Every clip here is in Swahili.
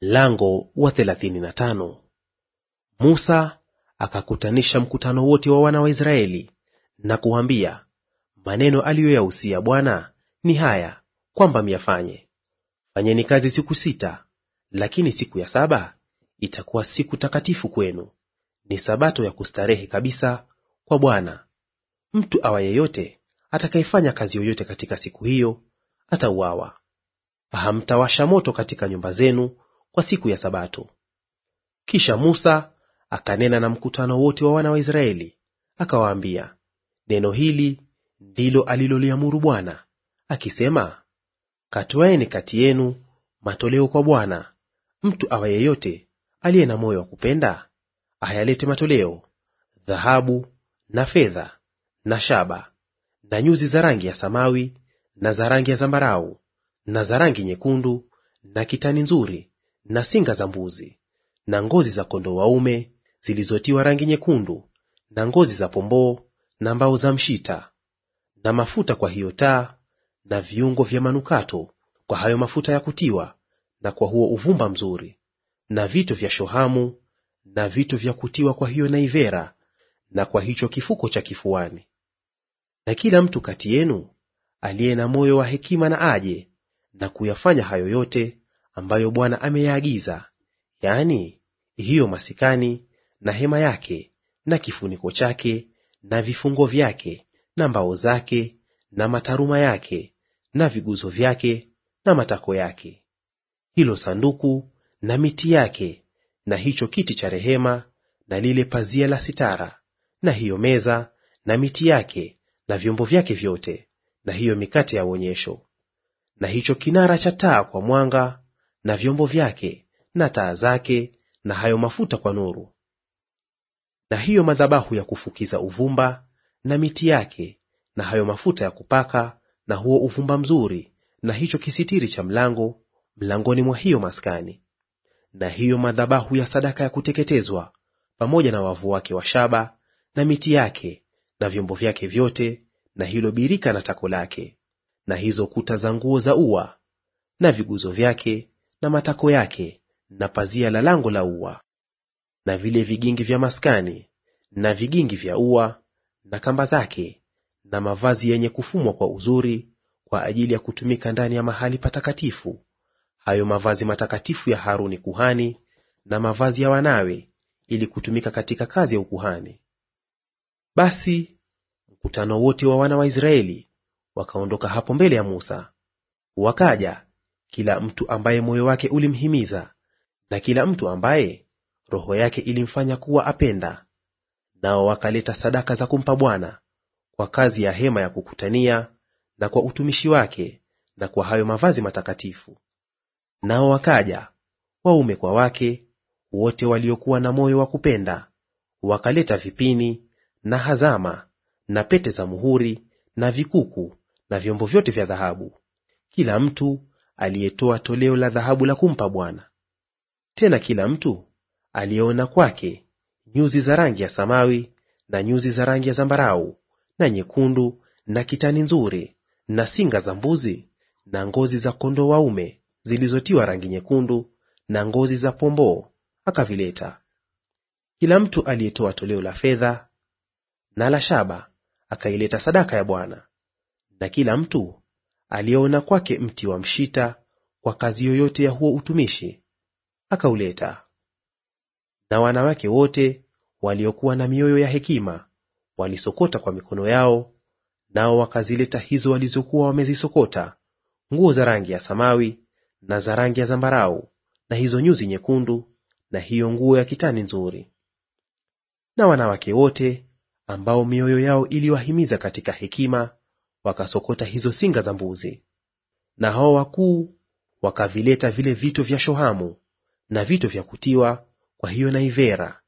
Lango wa 35. Musa akakutanisha mkutano wote wa wana wa Israeli na kuambia, maneno aliyoyahusia Bwana ni haya, kwamba myafanye. Fanyeni kazi siku sita, lakini siku ya saba itakuwa siku takatifu kwenu, ni sabato ya kustarehe kabisa kwa Bwana. Mtu awa yeyote atakayefanya kazi yoyote katika siku hiyo atauawa. Hamtawasha moto katika nyumba zenu kwa siku ya Sabato. Kisha Musa akanena na mkutano wote wa wana wa Israeli, akawaambia, neno hili ndilo aliloliamuru Bwana akisema, katwaeni kati yenu matoleo kwa Bwana. Mtu awa yeyote aliye na moyo wa kupenda ayalete matoleo, dhahabu na fedha na shaba na nyuzi za rangi ya samawi na za rangi ya zambarau na za rangi nyekundu na kitani nzuri na singa za mbuzi na ngozi za kondoo waume zilizotiwa rangi nyekundu na ngozi za pomboo na mbao za mshita na mafuta kwa hiyo taa na viungo vya manukato kwa hayo mafuta ya kutiwa na kwa huo uvumba mzuri na vito vya shohamu na vito vya kutiwa kwa hiyo naivera na kwa hicho kifuko cha kifuani. Na kila mtu kati yenu aliye na moyo wa hekima na aje na kuyafanya hayo yote ambayo Bwana ameyaagiza, yaani hiyo masikani na hema yake na kifuniko chake na vifungo vyake na mbao zake na mataruma yake na viguzo vyake na matako yake, hilo sanduku na miti yake na hicho kiti cha rehema na lile pazia la sitara na hiyo meza na miti yake na vyombo vyake vyote na hiyo mikate ya uonyesho na hicho kinara cha taa kwa mwanga na vyombo vyake na taa zake na hayo mafuta kwa nuru, na hiyo madhabahu ya kufukiza uvumba na miti yake na hayo mafuta ya kupaka na huo uvumba mzuri na hicho kisitiri cha mlango mlangoni mwa hiyo maskani, na hiyo madhabahu ya sadaka ya kuteketezwa pamoja na wavu wake wa shaba na miti yake na vyombo vyake vyote na hilo birika na tako lake na hizo kuta za nguo za ua na viguzo vyake na matako yake na pazia la lango la ua na vile vigingi vya maskani na vigingi vya ua na kamba zake na mavazi yenye kufumwa kwa uzuri kwa ajili ya kutumika ndani ya mahali patakatifu, hayo mavazi matakatifu ya Haruni kuhani na mavazi ya wanawe, ili kutumika katika kazi ya ukuhani. Basi mkutano wote wa wana wa Israeli wakaondoka hapo mbele ya Musa, wakaja kila mtu ambaye moyo wake ulimhimiza na kila mtu ambaye roho yake ilimfanya kuwa apenda. Nao wakaleta sadaka za kumpa Bwana kwa kazi ya hema ya kukutania na kwa utumishi wake na kwa hayo mavazi matakatifu. Nao wakaja waume kwa wake wote waliokuwa na moyo wa kupenda, wakaleta vipini na hazama na pete za muhuri na vikuku na vyombo vyote vya dhahabu, kila mtu aliyetoa toleo la dhahabu la kumpa Bwana. Tena kila mtu aliyeona kwake nyuzi za rangi ya samawi na nyuzi za rangi ya zambarau na nyekundu na kitani nzuri na singa za mbuzi na ngozi za kondoo waume zilizotiwa rangi nyekundu na ngozi za pomboo akavileta. Kila mtu aliyetoa toleo la fedha na la shaba akaileta sadaka ya Bwana. Na kila mtu aliyeona kwake mti wa mshita kwa kazi yoyote ya huo utumishi, akauleta. Na wanawake wote waliokuwa na mioyo ya hekima walisokota kwa mikono yao, nao wakazileta hizo walizokuwa wamezisokota, nguo za rangi ya samawi na za rangi ya zambarau na hizo nyuzi nyekundu na hiyo nguo ya kitani nzuri. Na wanawake wote ambao mioyo yao iliwahimiza katika hekima wakasokota hizo singa za mbuzi. Na hao wakuu wakavileta vile vito vya shohamu na vito vya kutiwa kwa hiyo naivera,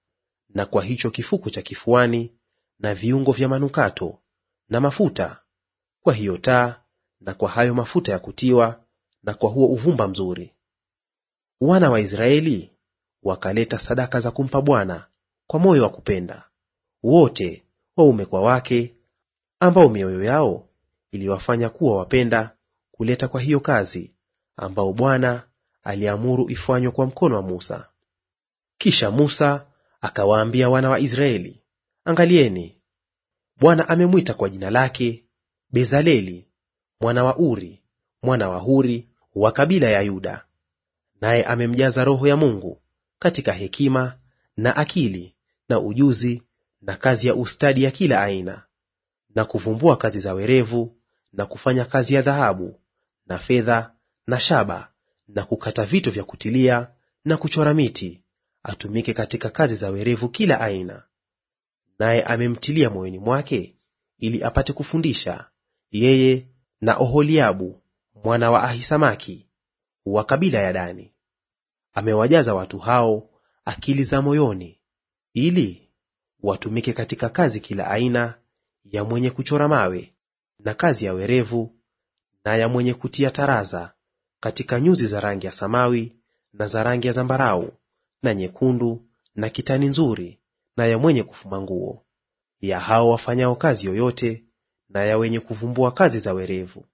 na kwa hicho kifuko cha kifuani, na viungo vya manukato na mafuta, kwa hiyo taa, na kwa hayo mafuta ya kutiwa, na kwa huo uvumba mzuri. Wana wa Israeli wakaleta sadaka za kumpa Bwana kwa moyo wa kupenda, wote waume kwa wake, ambao mioyo yao iliwafanya kuwa wapenda kuleta kwa hiyo kazi ambao Bwana aliamuru ifanywe kwa mkono wa Musa. Kisha Musa akawaambia wana wa Israeli, angalieni, Bwana amemwita kwa jina lake Bezaleli mwana wa Uri mwana wa Huri wa kabila ya Yuda, naye amemjaza Roho ya Mungu katika hekima na akili na ujuzi na kazi ya ustadi ya kila aina, na kuvumbua kazi za werevu na kufanya kazi ya dhahabu na fedha na shaba na kukata vitu vya kutilia na kuchora miti, atumike katika kazi za werevu kila aina. Naye amemtilia moyoni mwake ili apate kufundisha, yeye na Oholiabu mwana wa Ahisamaki wa kabila ya Dani. Amewajaza watu hao akili za moyoni, ili watumike katika kazi kila aina ya mwenye kuchora mawe na kazi ya werevu na ya mwenye kutia taraza katika nyuzi za rangi ya samawi na za rangi ya zambarau na nyekundu na kitani nzuri na ya mwenye kufuma nguo, ya hao wafanyao kazi yoyote na ya wenye kuvumbua kazi za werevu.